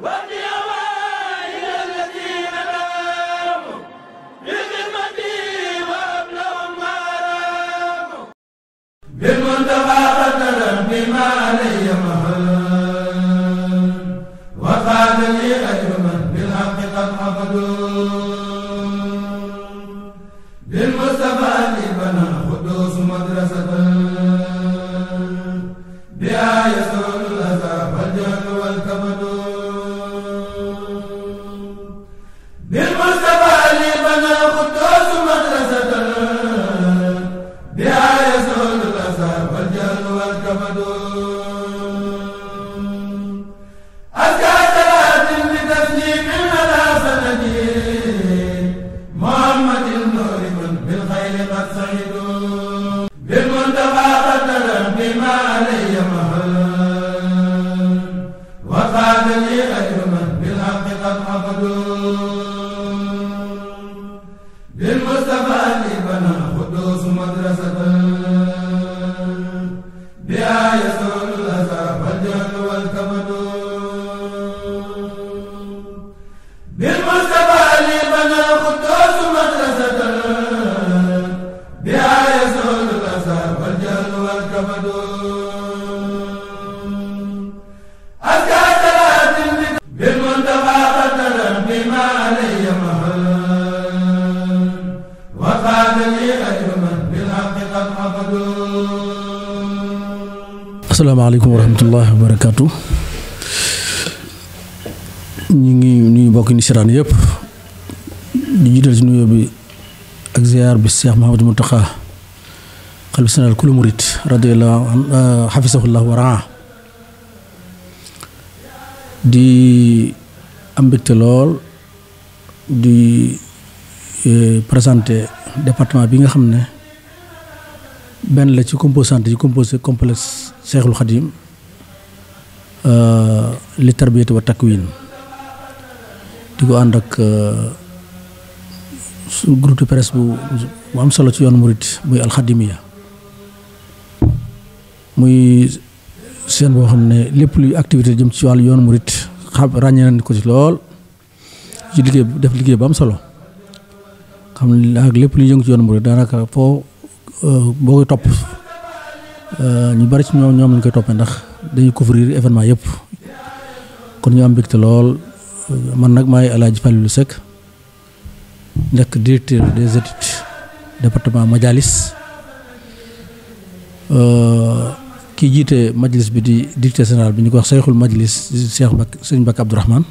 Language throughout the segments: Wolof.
Wadi asalaamaaleykum wa rahmatullahi wa ñu ngi nuyu mbokk ni siraan yëpp di jiital ci nuyoo bi ak ziar bi Cheikh Mouhamadou Mountakha xalifa général kulu murit radiyallahu xafisahullah euh, wa raa di am lool di euh, présenté département bi nga xam ne benn la ci composante yi composé complexe Cheikhul Khadim eh, li tarbiyatu wa takwin diko and ak euh groupe de presse bu bu am solo ci yoon murit muy alxadimiya muy sen bo xamne lepp luy activité jëm ci wal yoon murit xab ràññee nañ ko ci lool ci liggéey def liggéey bu am solo xam ak lepp luy yëngu ci yoon da naka fo euh bo top Euh, ñu bari ci ñoom ñoom lañ koy toppee ndax dañuy couvrir événement yëpp kon ñu am mbégte lool euh, man nag maay El Hadj Falilou Seck nekk directeur des études département Majalis euh, kii jiite Majlis bi di directeur général bi ñu ko wax Seyxul Majlis Cheikh Mbak Sëñ Mbak Abdourahmane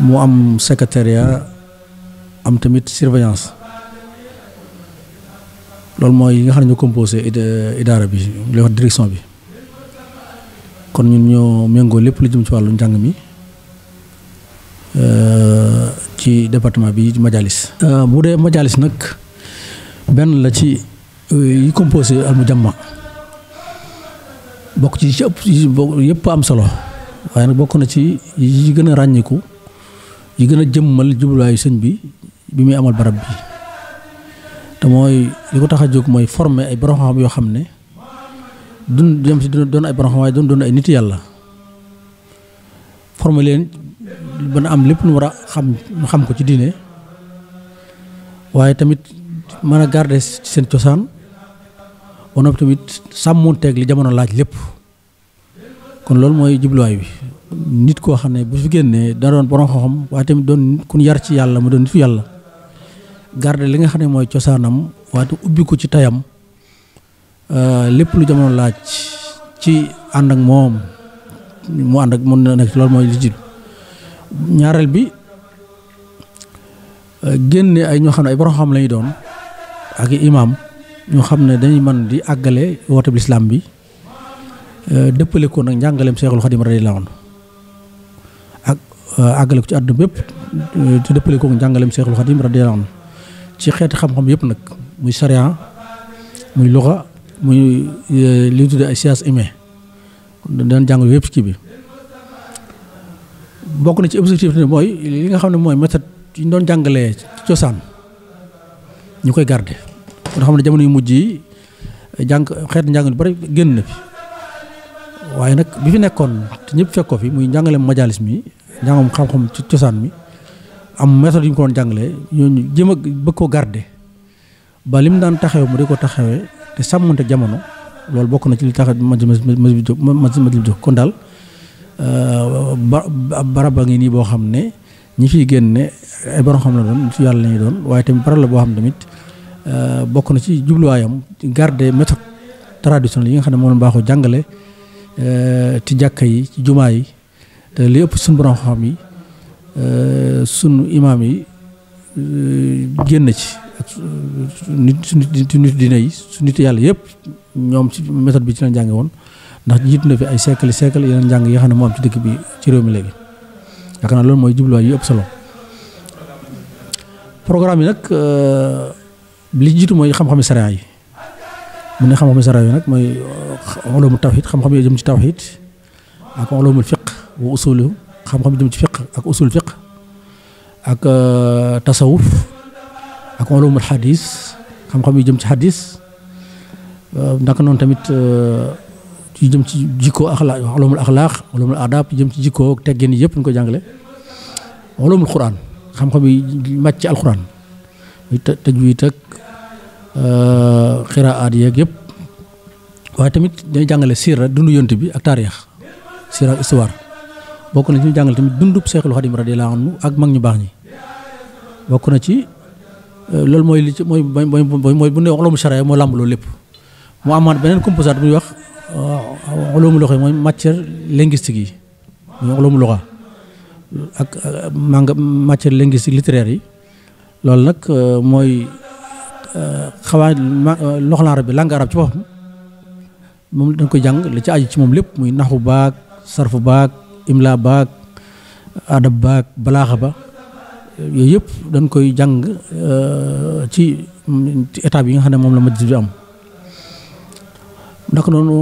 mu am secrétariat am tamit surveillance. loolu mooy yi nga xam ne ñoo composé idaara bi li wax direction bi kon ñun ñoo méngoo lépp lu jëm ci wàllu njàng mi euh, ci département bi majalis euh, bu dee majalis nag benn la ci euh, yi composé al mujamma bokk ci ci ëpp yëpp am solo waaye nag bokk na ci yi gën a ràññiku yi gën a jëmmal jublaayu sëñ bi bi muy amal barab bi te mooy li ko tax a jóg mooy former ay borom xam yoo xam ne dun jëm si doon ay borom xam waaye doon doon ay nit yàlla forme leen mën a am lépp lu war a xam ñu xam ko ci diine waaye tamit mën a garde seen cosaan wala tamit sàmmonteeg li jamono laaj lépp kon loolu mooy jubluwaay bi nit koo xam ne bu fi génnee da doon borom xam-xam waaye tamit doon kun yar ci yàlla mu doon nitu yàlla. garder li nga xam moy ciosanam cosaanam ubbi ko ci tayam euh, lepp lu jamono laaj ci and ak mom mu and ak mu nek lool moy li jitt ñaaral bi euh, genné ay ñoo xam ne ay borom xam doon ak imam ñoo xam ne dañuy man di àggale woote bi lislaam bi euh, dëppale ko nak jangalem cheikhul khadim radhiyallahu anhu ak agalé ko ci addu bepp ci deppele ko jangalem cheikhul khadim radhiyallahu anhu ci xeeti xam-xam yëpp nag muy sariya muy luxa muy euh, li ñu tuddee ay sciences humaines daan jàng yëpp kii bi bokk na ci objectif bi mooy li nga xam ne mooy méthode yi ñu doon jàngalee ci cosaan ñu koy garde nga ne jamono yu mujj yi jàng xeet njàng yu bari génn na fi waaye nag bi fi nekkoon te ñëpp fekkoo fi muy njàngaleem majalis mi njàngam xam-xam ci cosaan mi. am méthode yu ñu ko doon jàngalee ñooñu jëm a bëgg ko garder ba lim daan taxawee mu di ko taxawee te sàmmante jamono loolu bokk na ci li tax ma ma ma ma jóg kon daal ba barab a ngi nii boo xam ne ñi fiy génne ay borom xam la doon yàlla la doon waaye tamit barab la boo xam tamit bokk na ci jubluwaayam garder méthode traditionnelle yi nga xam ne moom baaxoo jàngale ci jàkka yi ci jumaa yi te li ëpp suñu borom xam yi. Euh, sunu imaam yi euh, génn ci ak nit su nit su nit yi su nit yàlla yëpp ñoom ci méthode bi ci lañ jànge woon ndax jiitu na fi ay siècle siècle yeneen njàng yoo xam ne moo am ci dëkk bi ci réew mi léegi yaakaar naa loolu mooy jubluwaay yu ëpp solo programme yi nag euh, li jiitu mooy xam-xami sariya yi mu ne xam-xami sariya yi nag mooy ulumul tawhid xam-xam yoo jëm ci tawhid ak ulumul fiqh wa usuluhu xam-xam jëm ci fiq ak usul fiq ak euh, tasawuf ak ulumul xadis xam-xam euh, euh, yu jëm ci xadis ndaka noonu tamit yu jëm ci jikkoo axlaaq ulumul axlaaq ulumul adab jëm ci jikkoo teggin yi yëpp ñu ko jàngale ulumul quran xam-xam yi màcc ci alquran muy tajwiid waaye tamit dañuy jàngale siira dundu bi ak taarix siira ak bokku na ci jangal tamit dundub cheikhul khadim radhiyallahu anhu ak mag ñu bax ñi bokku na ci euh, lool moy li ci moy moy moy bu ne wax sharia moo làmb loolu lépp mu amaat beneen bu wax wax lo xey moy matière linguistique yi mooy ulumul luxa ak euh, mang matière linguistique littéraire yi lool nak moy xawa arab bi arab ci boppam mom dañ ko jang li ci aji ci mom lepp muy nahwu sarfu imla baag adab baag balaaxa ba yooyu yëpp dañ koy jàng euh, ci étape yi nga xam ne moom la majlis bi am ndax noonu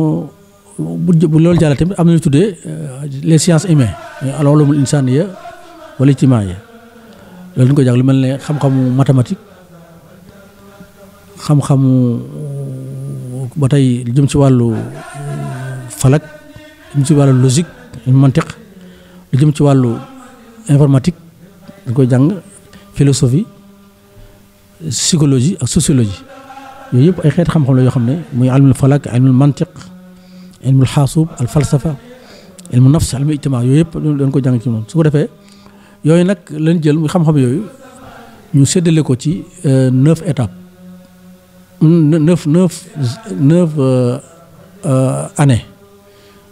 bu loolu jàll tamit am na ñu tuddee euh, les sciences humaines al-ulum al-insaniyya wal ijtimaiyya loolu dañ koy jàng lu mel ne xam-xamu mathématique xam-xamu ba tey jëm ci wàllu euh, falak jëm ci wàllu logique المنطق لجيم تي والو انفورماتيك دكو جانغ فيلوسوفي سيكولوجي او سوسيولوجي يوي اي خيت خام خام لو خام ني موي علم الفلك علم المنطق علم الحاسوب الفلسفه علم النفس علم الاجتماع يوي ييب دنجو جانغ تي نون سوكو ديفاي يوي ناك لن جيل مي خام خام يوي ني سيدلي كو تي 9 ايتاب 9 9 9 ا ا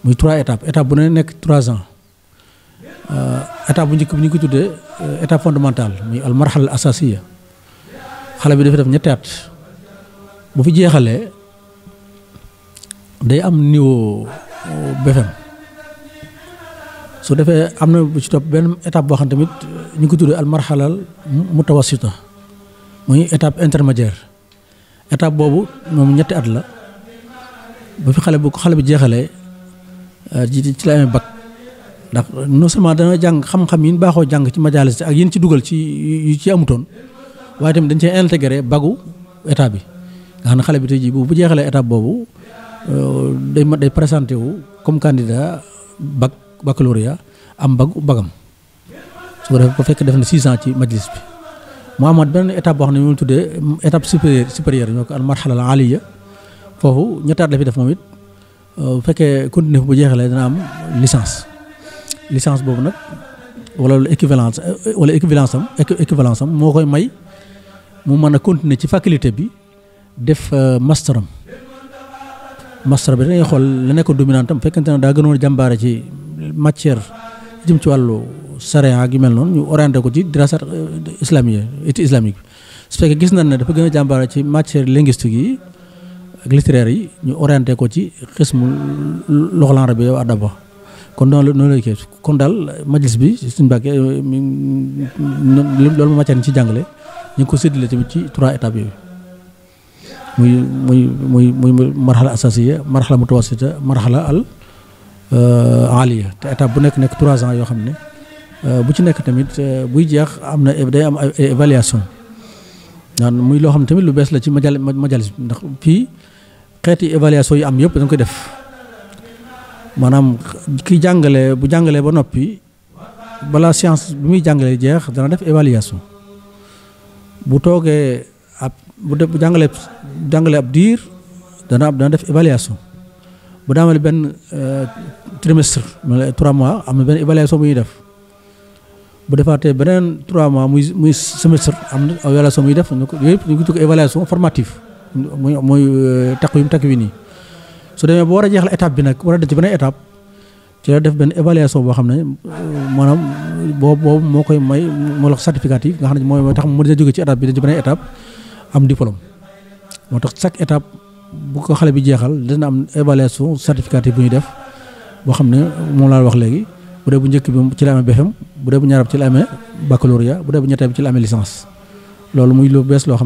muy trois étapes étape bu ne nekk trois ans euh, étape bu njëkk bi ñu ko tuddee euh, étape fondamentale muy al marhal asasiya xale bi dafa def ñetti at bu fi jeexalee day am niveau euh, BFEM su defee am na bu ci topp benn étape boo xam tamit ñu ko tuddee al marxalal mutawasita muy étape intermédiaire étape boobu moom ñetti at la bu fi xale bu xale bi jeexalee. ji euh, ci la amee bac ndax non seulement dana jàng xam-xam yi nu baaxoo jàng ci majalis ak yéen ci dugal ci yu ci amutoon waaye tamit dañ cee intégré bagu état bi nga xam ne xale bi tey jii bu bu jeexalee étape boobu euh, day ma day présenté wu comme candidat bac am bagu bagam su ko defee bu fekkee def na six ans ci majlis bi. mu a benn état boo xam ne ñu tuddee étape supérieure supérieure ñoo ko al marxala al aliya foofu ñettaat la fi def moom it Euh, bu fekkee continuer bu jeexalee dana am licence licence boobu nag wala lu équivalence euh, wala équivalence am équivalence am moo koy may mu mën a continuer ci faculté bi def euh, masteram master bi dangay xool la nekkoon dominante am fekkente ne daa gënoon jàmbaare ci matière jëm ci wàllu sariya ak mel noonu ñu ko ci dirasat islamique étude islamique su fekkee gis nañ ne dafa gën ci matière linguistique yi ak yi ñu orienté ko ci xismu loxol arabi yow adab ba kon noonu la kon daal majlis bi suñu bàkkee euh, loolu ma màccaan ci jàngale ñu ngi ko séddale tamit ci trois étapes yooyu muy muy muy muy marxala asasiya marxala mutawasita marxala al aaliya euh, te étape bu nekk nekk trois ans yoo xam ne euh, bu ci nekk tamit buy jeex am na day am ay évaluation naan muy loo xam tamit lu bees la ci majal majalis bi ndax fii xeeti évaluation yi am yëpp dañ koy def maanaam ki jàngale bu jàngalee ba noppi bala science bi muy jàngalee jeex dana def évaluation bu toogee ab bu def bu jàngalee jàngalee ab diir dana dana def évaluation bu daa euh, mel benn trimestre mala trois mois am na benn évaluation bu ñuy def bu defaatee beneen trois mois muy muy semestre am na évaluation muy def ñu ko yëpp ñu ngi évaluation formative muy muy takk yu mu su demee ba war a étape bi def ci étape ci la def benn évaluation boo xam ne euh, maanaam boobu boobu koy may am diplôme moo chaque étape bu ko xale bi jeexal dina am évaluation def boo xam ne moom wax léegi bu dee bu ñëk bi ci la amé BFM bu dee bu ñaarab ci la amé baccalauréat bu dee bu bi ci la amé licence loolu muy lu lo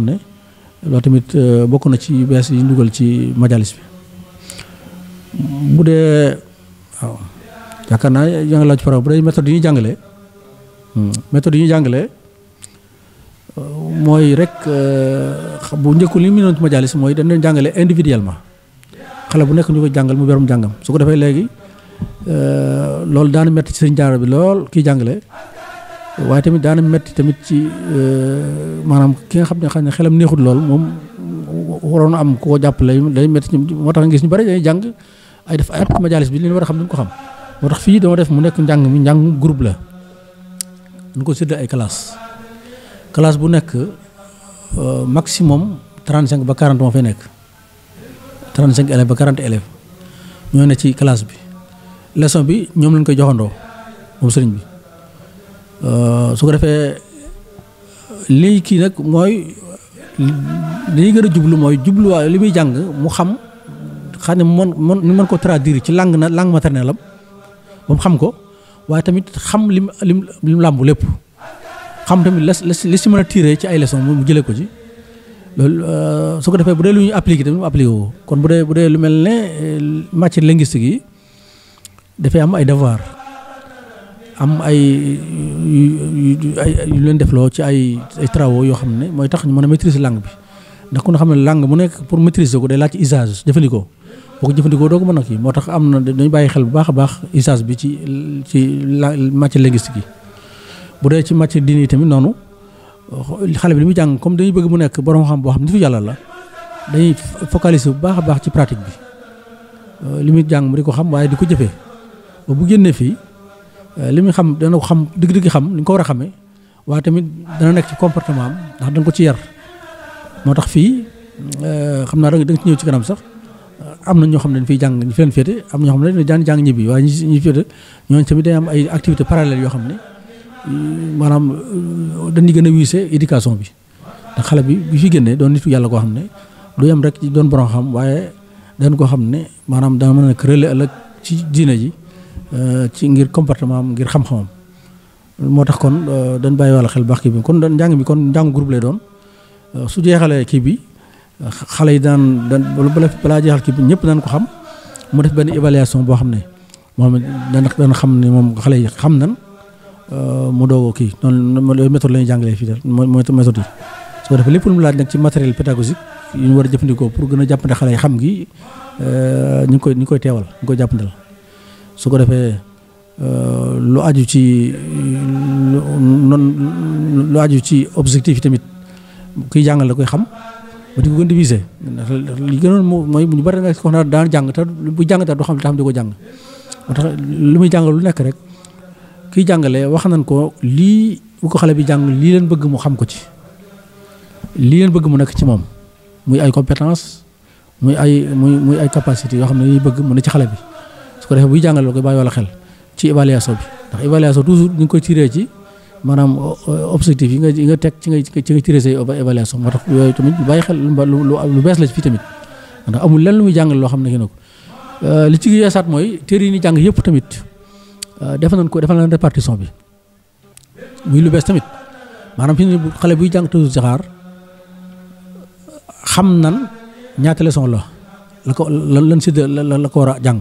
loolu tamit euh, bokk na ci bees yi ñu ci majalis bi bu dee waaw yaakaar naa yaa ngi laaj par bu dee méthode yi ñu jàngalee hmm, méthode yi euh, mooy rek euh, bu njëkku li mu noon ci majalis mooy dañ jàngale individuellement xale bu nekk ñu jàngal mu berum jàngam su ko defee léegi loolu daan metti ci seen bi lool kiy jàngale waaye tamit daana metti tamit ci euh, maanaam ki nga xam ne xam ne xelam neexut lool moom waroon am ko jàppale day metti ci moo tax gis ñu bari dañuy jàng ay def ay at majalis bi li ñu war a xam duñ ko xam moo tax fii dama def mu nekk njàng mi njàng groupe la ñu ko séddale ay classe classe bu nekk euh, maximum 35 ba 40 moo fay nekk 35 élèves ba 40 élèves ñoo ne ci classe bi leçon bi ñoom lañ koy joxandoo moom sëriñ bi Euh, su ko defee lii kii nag mooy li ñuy gën a jublu mooy jubluwaay li muy jàng mu xam xam ne mën mën mën ko traduire ci langue na langue maternelle am ba mu xam ko waaye tamit xam lim lim lim làmbu lépp xam tamit les les si man a tiré ci ay leçons mu jëlee ko ci loolu euh, su ko defee bu dee lu ñuy appliqué kon bu dee bu dee lu mel ne euh, matière linguistique yi dafay am ay devoir am ay yu leen defloo ci ay ay travaux yoo xam ne mooy tax ñu mën a maîtriser langue bi ndax ku nga xam ne langue mu nekk pour maîtriser ko day laaj ci jëfandikoo boo ko jëfandikoo doo ko mën a kii moo tax am na dañu bàyyi xel bu baax a baax usage bi ci ci matière linguistique yi bu dee ci matière diine yi tamit noonu xale bi li muy jàng comme dañuy bëgg mu nekk borom xam boo xam ne nitu yàlla la dañuy focaliser bu baax a baax ci pratique bi euh, li muy jàng mu di ko xam waaye di ko jëfee bu génnee fii Euh, li muy xam dana ko xam dëgg-dëgg xam li ko war a xamee waaye tamit dana nekk comportement am ndax danga ko ci yar moo tax fii euh, xam naa danga ci ñëw ci kanam sax euh, am na ñoo xam ne dañ fiy jàng ñu fi féete am ñoo xam ne dañ daan jàng ñibbi waaye ñi ñi féete ñooñu tamit day am ay activités parallèles yoo xam ne maanaam dañuy gën a wiise éducation bi ndax xale bi bi fi génnee doon nitu yàlla koo xam ne lu yem rek doon borom xam waaye dañ ko xam ne maanaam dana mën a nekk relais ëllëg ci diine ji Euh, ci ngir comportement am ngir xam-xamam moo tax kon euh, dañ bàyyi wàlla xel baax kii bi kon njàng bi kon njàngu groupe lay doon euh, su jeexalee kii bi xale yi daan daan balaa jeexal kii bi ñëpp daan ko xam mu def benn évaluation boo xam ne moom dana dana xam ne moom xale yi xam nan mu doogoo kii noonu loolu méthode la ñuy jàngalee fii daal mooy méthode yi su ko lépp lu mu laaj nag ci matériel pédagogique yu ñu war a pour gën a jàppante xale yi xam gi ñu ngi koy ñu koy teewal ñu ngi su ko defee euh, lu aju ci non aju ci objectif yi tamit kuy jàngal la koy xam ba di ko gën visé ndax li gënoon mooy ñu bari nga ko xam ne daan jàng te bu jàng te du xam li tax di ko jàng moo tax li muy jàngal lu nekk rek kiy jàngalee wax nañ ko lii bu xale bi jàng lii leen bëgg mu xam ko ci lii leen bëgg mu nekk ci moom muy ay compétence muy ay muy muy ay capacité yoo xam ne dañuy bëgg mu ne ci xale bi su ko defee buy jàngale koy bàyyi wala xel ci évaluation bi ndax évaluation toujours ñu ngi koy tiré ci maanaam euh, objectif yi nga yi nga teg ci nga ci nga tiré say évaluation moo tax yooyu tamit bàyyi xel lu bees la ci fii tamit ndax amul lenn lu muy loo xam ne ki na ko euh, li ci yeesaat mooy téere yi ni jàng yëpp tamit euh, def nañ ko defal nañ répartition bi muy lu bees tamit maanaam fi ne xale buy jàng toujours jaxaar xam nan ñaata la la ko lan lan si la la ko war a jàng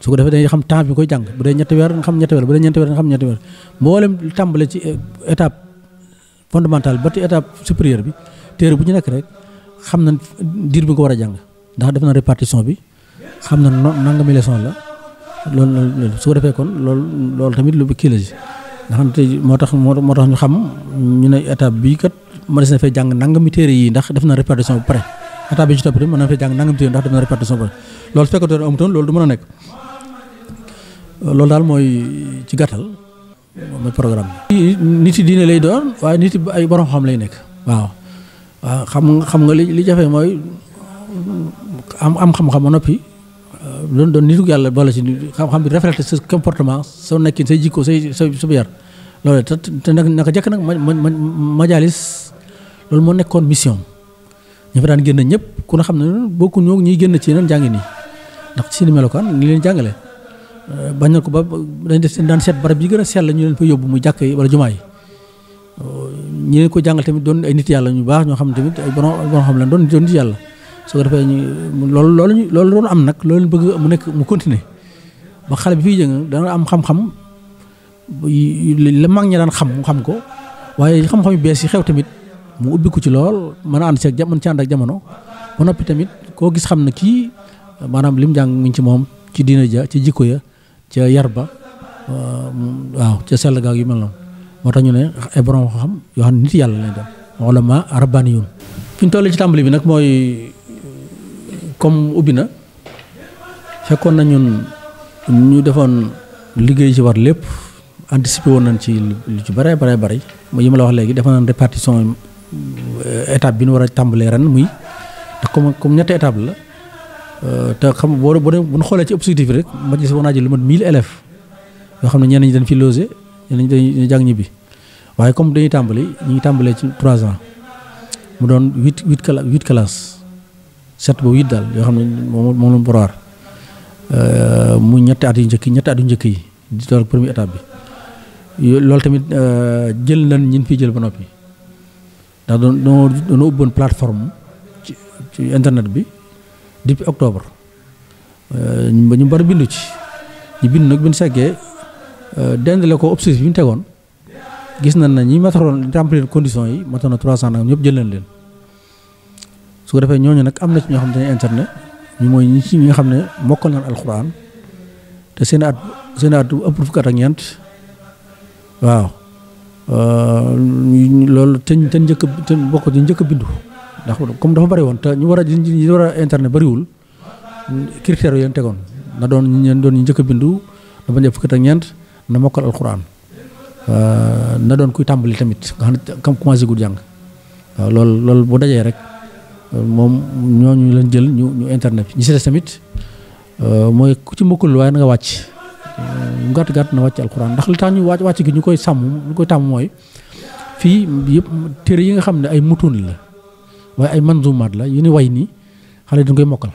su ko defee dañuy xam temps bi koy jang bu dee ñetti weer nga xam ñett wër bu dee ñetti weer nga xam ñett wër mboolem tambalé ci eh, étape fondamentale ba ci étape supérieure bi téere bu ñu nekk rek xam na dir bi ko wara jang ndax def na répartition bi xam na nangami leçon la lool su ko defé kon lool lool tamit lu kii la ci ndax xam motax motax ñu xam ñu né étape bi kat ma dess na fee jàng nangami téré yi ndax def na répartition bu près ataa bi ci topp mën na fee jàng nangam téeméer ndax def répartition boobu loolu su fekkoon ne loolu du mën a nekk loolu daal mooy ci gàttal mooy programme bi. nit yi diine lay doon waaye nit yi ay borom xam lay nekk. waaw waaw xam nga xam nga li li jafe mooy am am xam-xam ba noppi euh, doon doon nitu yàlla boole si xam-xam bi refléter sa comportement soo nekkin say jikko say sa sa yar loolu te te nag naka jëkk nag ma ma ma majaalis loolu moo nekkoon mission ñi fa daan génn ñëpp ku na xam ne bokku ñoo ñuy génn ci yeneen jàngi nii ndax ci seen melokaan ni leen jàngale euh, bañ na ko ba dañ def seen daan seet barab yi gën a sell ñu leen fa yóbbu mu jàkk wala jumaa yi euh, ñi leen ko jàngal tamit doon ay nit yàlla ñu baax ñoo xam tamit ay borom borom xam lan doon doon nit yàlla su ko defee ñu loolu loolu ñu loolu doon am nag loolu bëgg mu nekk mu continuer ba xale bi fiy jëng dana am xam-xam la mag ñi daan xam xam ko waaye xam-xam yu bees yi xew tamit mu ubbi ko ci lool mën and ci ak mën ci and ak jamono ba noppi tamit koo gis xam ne kii maanaam lim jàng mi ci moom ci diina ja ci jikko ya ca yar ba waaw ca sell gaag yu mel noonu moo tax ñu ne ay borom xam yoo xam nit yàlla lay dem wala ma rabbaniyun fi ñu tollee ci tàmbali bi nag mooy comme ubbi na fekkoon na ñun ñu defoon liggéey ci war lépp anticiper woon nañ ci lu ci bare bare bare ma yi ma la wax léegi defoon nañ répartition Eh, étape bi ñu war a tàmbalee ren muy te comme comme ñetti étape la euh, te xam boo boo bu ñu xoolee ci objectif rek ma gis war naa jël lu mat 1000 élèves yoo xam ne ñenn ñi dañ fi logé ñenn ñi dañ jàng ñibi waaye comme dañuy tàmbali ñu ngi tàmbalee ci 3 ans mu doon 8 8 8 classe 7 ba 8 daal yoo xam ne moom moom la mu euh, mu ñetti at yu njëkk ñetti at yu njëkk yi di door premier étape bi loolu tamit euh, jël nañ ñin fi jël ba noppi. ndax doon doon ubboon plateforme ci ci internet bi depuis octobre euh, ñu bari bindu ci ñu bind nag bu ñu seggee euh, dendale ko objectif bi ñu tegoon gis nañ ne ñi mataroon remplir conditions yi matoon na 300 nag ñëpp jël nañ leen su ko defee ñooñu nag am na ci ñoo xam ne internet ñu mooy ñi ci nga xam ne mokkal nañ alxuraan te seen at seen at ëpp fukk at ak ñeent waaw. Euh, loolu te te njëkk te mbokk ci njëkk bindu ndax comme dafa bari woon te ñu war a ñu war a internet bariwul critères yooyu tegoon na doon ñu doon ñu njëkk bindu na bañ a fukk ak ñeent na mokkal alxuraan euh, na doon kuy tàmbali tamit nga xam ne kam commencé gud jàng waaw euh, loolu bu dajee rek moom ñoo ñu leen jël ñu ñu internet bi ñi si des tamit mooy ku ci mokkul waaye na nga wàcc gàtt gàtt na wàcc alxuraan ndax li tax ñu wàcc wàcc gi ñu koy sàmm ñu koy tàmm mooy fii yëpp téere yi nga xam ne ay mutun la waaye ay manzumaat la yu ni way nii xale dañ koy mokkal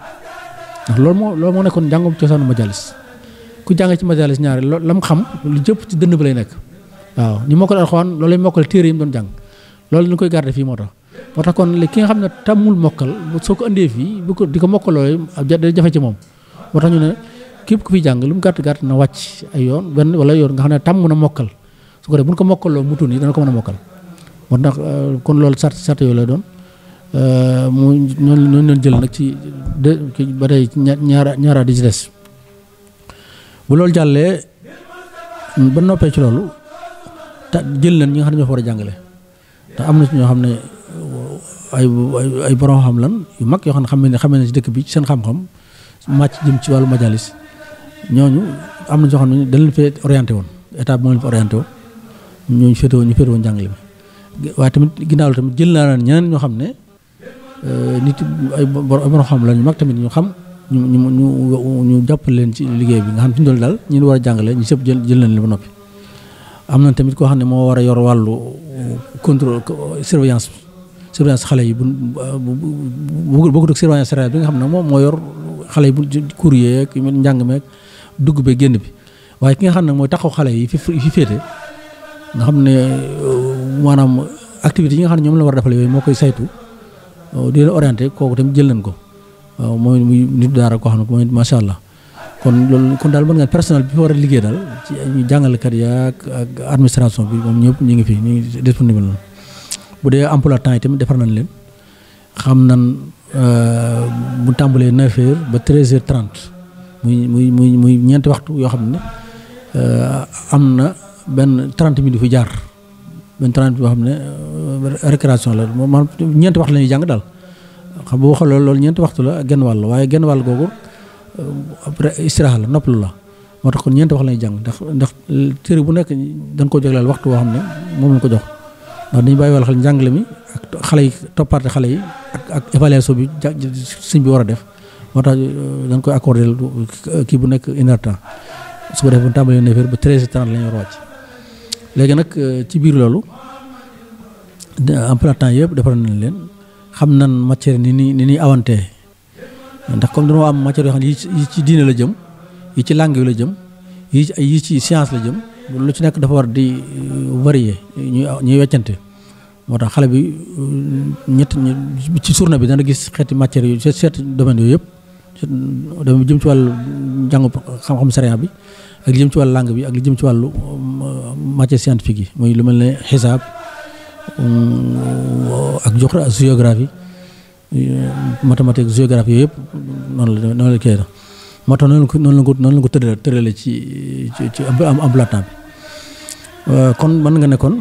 loolu moo loolu moo nekkoon njàngum cosaanu majalis ku jàngee ci majalis ñaari lam xam jëpp ci dënn ba lay nekk waaw ñu mokkal alxuraan loolu lay mokkal téere yi mu doon jàng loolu ñu koy garder fii moo tax moo tax kon ki nga xam ne tàmmul mokkal soo ko andee fii bu ko di ko mokkaloo ab jafe ci moom moo tax ñu ne képp ku fi jàng lu mu gàtt gàtt na wàcc ay yoon benn wala yoon nga xam ne tàmm na mokkal su ko def bu ko mokkaloo mu tuni dana ko mën a mokkal moo tax euh, kon loolu sart sart yooyu la doon euh, mu ñooñu ñooñu leen jël nag ci de ba tey ñaara ñaara di ci des bu loolu jàllee ba noppee ci loolu ta jël leen ñi nga xam ne ñoo fa war a jàngale te am na ci ñoo xam ne ay ay borom xam lan yu mag yoo xam ne xam ne xam ne ci dëkk bi ci seen xam-xam màcc jëm ci wàllu majalis ñooñu am na ñoo xam ne dañ leen fee orienté woon état bi moo leen fi orienté woon ñu féete woon jàngale mi tamit ginnaaw tamit jël naa ñeneen ñoo xam ne nit ay borom xam la ñu mag tamit ñu xam ñu ñu ñu ñu jàppale leen ci liggéey bi nga xam ne fi ñu ñu war a jàngale ñu sëpp jël jël nañ leen ba noppi. am na tamit koo xam ne moo war a yor wàllu contrôle surveillance surveillance xale yi bu bu bu bokkut ak surveillance céréale bi nga xam ne moom moo yor xale yi bu cour yeeg njàng meeg dugg be génn bi waaye ki nga xam ne mooy taxaw xale yi fi fi féete nga xam ne uh, maanaam activités yi nga xam ne ñoom la war a defal yooyu moo koy saytu uh, di leen orienté kooku tamit jël nañ ko waaw uh, mooy muy nit daara koo xam ne mooy macha allah kon loolu kon daal mën nga personnel bi fa war a liggéey daal ci ñu jàngalekat yaak ak administration bi moom ñëpp ñu ngi fi ñu ngi disponible noonu bu dee emploi temps yi tamit defar nañ leen xam nan bu tàmbalee 9 heures ba 13 heures 30 muy muy muy muy ñeenti waxtu yoo xam ne euh, am na benn 30 minutes yu fi jaar benn 30 yoo xam ne euh, récréation la moom ñeenti waxtu la ñuy jàng daal xam boo xoolee loolu ñeenti waxtu la genn wàll waaye genn wàll googu euh, après istiraha la noppalu la moo tax kon ñeenti wax la jàng ndax ndax téere bu nekk dañ ko jogleel waxtu woo xam ne moom lañ ko jox ndax dañu bàyyi wàll xel njàngale mi ak xale yi toppaate xale yi ak ak évaluation bi sëñ bi war a def moo tax euh, dañ koy accordé kii bu nekk une heure temps su ko defee bu tàmbalee neuf heures ba treize heures trente la war a wàcc léegi nag euh, ci biir loolu en temps yëpp defar nañ leen xam nan matière ni ni ni ñuy awantee ndax comme dañoo am matière yoo xam ne yi ci diine la jëm yi ci langue la jëm yi ci yi ci science la jëm lu ci nekk dafa war di euh, varier ñuy ñuy weccante moo tax xale bi ñett ci journée bi dana gis xeeti matière yu seet domaine yooyu yëpp dama jëm ci wàllu jàngu xam-xam sariya bi ak li jëm ci wàllu langue bi ak li jëm ci wàllu euh, matière scientifique yi mooy lu mel ne xisaab euh, ak jox géographie euh, mathématique yëpp noonu la noonu la kii la moo tax noonu la ko noonu la ko tëral tërale ci ci emploi-temps bi kon mën nga ne kon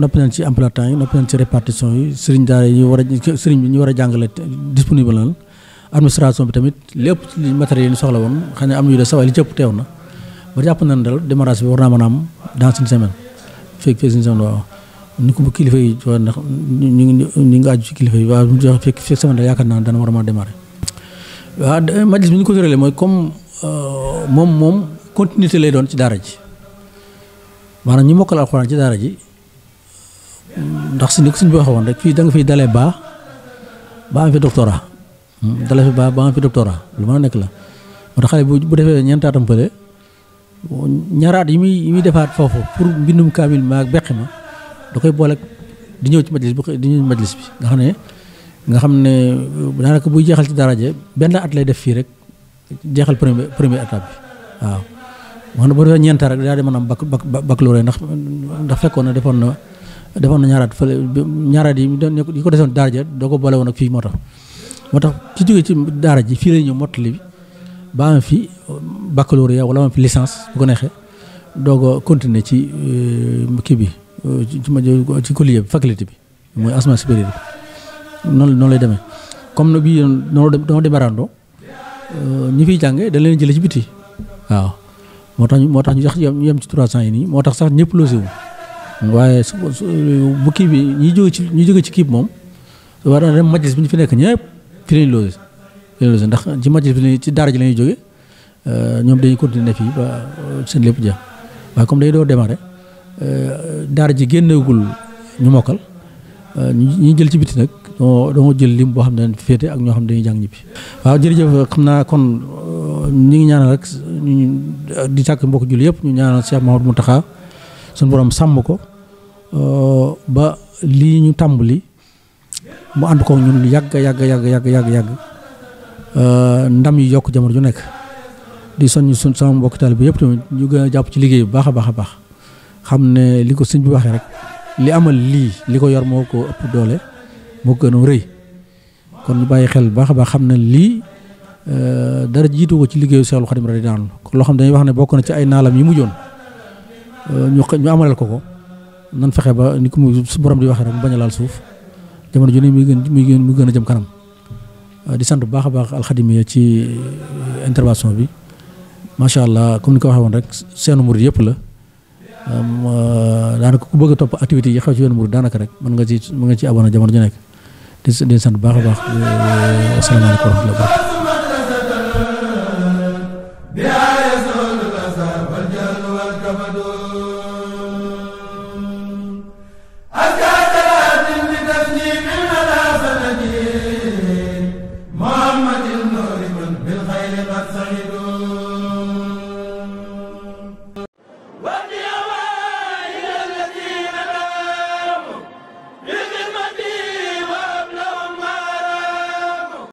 noppi nañ ci emploi-temps yi noppi nañ ci répartition yi sëriñ daara yi ñu war sëriñ bi ñu war a jàngale disponible na administration bi tamit lépp li matériel yi soxla woon xam ne am nañu de saway li cëpp teew na ba jàpp na dal démarrage bi war naa man am dans une semaine fekk fekk une semaine waaw ni ko kilifa yi waaw ndax ñu ngi ñu ngi aju ci kilifa yi waaw fekk fekk semaine la yaakaar naa dana war a mën a démarrer waaw majlis bi ñu ko tëralee mooy comme euh, moom moom continuité lay doon ci daara ji maanaam ñu mokkal alxuraan ci daara ji ndax si ni ko suñ bi waxee woon rek fii danga nga fiy dalee baa ba am fi doctorat dala fi ba ba am fi doctorat lu mën a nekk la moo tax xale bu bu defee ñeentaatam fële ñaaraat yi muy muy defaat foofu pour mbindum kaamil ma ak ma da koy boole di ñëw ci majlis bi di ñëw ci majlis bi nga xam ne nga xam ne daanaka buy jeexal ci daraje benn at lay def fii rek jeexal premier premier étape bi waaw wax na boo defee ñeenta rek daal di mën a am bac baccalauréat ndax ndax fekkoon na defoon na defoon na ñaaraat fële ñaaraat yi yi ko desoon daraje doo ko boole woon ak fii moo tax moo tax ci jógee ci daara ji fii lay ñëw mottali bi ba am fi baccalauréat wala am fi licence bu ko neexee doog continuer ci euh, kii bi euh, ci ma ci collier bi faculté bi mooy enseignement supérieur bi noonu noonu lay demee comme na bii noonu noonu demarandoo euh, ñi fiy jàngee dañ leen jëlee ci biti waaw moo tax moo tax ñu sax ñu yem ci 300 yi nii moo tax sax ñëpp logé wu waaye su bu kii bi ñi jóge ci ñi jóge ci kii bi moom war na dem majlis bi ñu fi nekk ñëpp fii loose fii loose ndax ci majlis bi ci daar ji la ñuy jóge euh, ñoom dañuy continuer ne fii ba euh, seen lépp ja waaye comme day door démarrer euh, daara ji génneegul ñu mokkal ñu jël ci biti nag doo jël lim boo xam ne féete ak ñoo xam ne dañuy jàng ñibbi. waaw jërëjëf xam naa kon ñi ngi ñaanal rek ñu di sàkk mbokk julli yëpp ñu ñaanal Cheikh mu Mountakha suñu borom sàmm ko ba lii ñu tàmbali. mu ànd ko ñun yàgg yàgg yàgg yàgg yàgg euh, ndam yi yokk jamono ju nekk di soññ suñ sama mbokk taalibe bi yëpp tamit ñu gën a jàpp ci liggéey bu baax a baax a baax xam ne li ko sëñ waxee rek li amal lii li ko yor moo ko doole moo kon ñu bàyyi xel bu baax a baax xam lii euh, dara jiitu ko ci liggéeyu Seexul Xadim radi daanu kon loo xam dañuy wax ne bokk na ci ay naalam yi mujjoon euh, ñu ñu amalal ko ko nan fexe ba ni ko mu borom di waxe rek mu bañ laal suuf jamono ju ne muy gën muy gën muy gën a jëm kanam euh, di sant bu baax a baax alxadimiya ci euh, intervention bi macha allah comme ni ko waxee woon rek seenu murid yëpp la euh, daanaka ku bëgg topp activité yi xew ci yoonu murid daanaka rek mën nga ci mën nga ci abonné jamono ju nekk di sant bu baax a baax asalaamaaleykum wa rahmatulah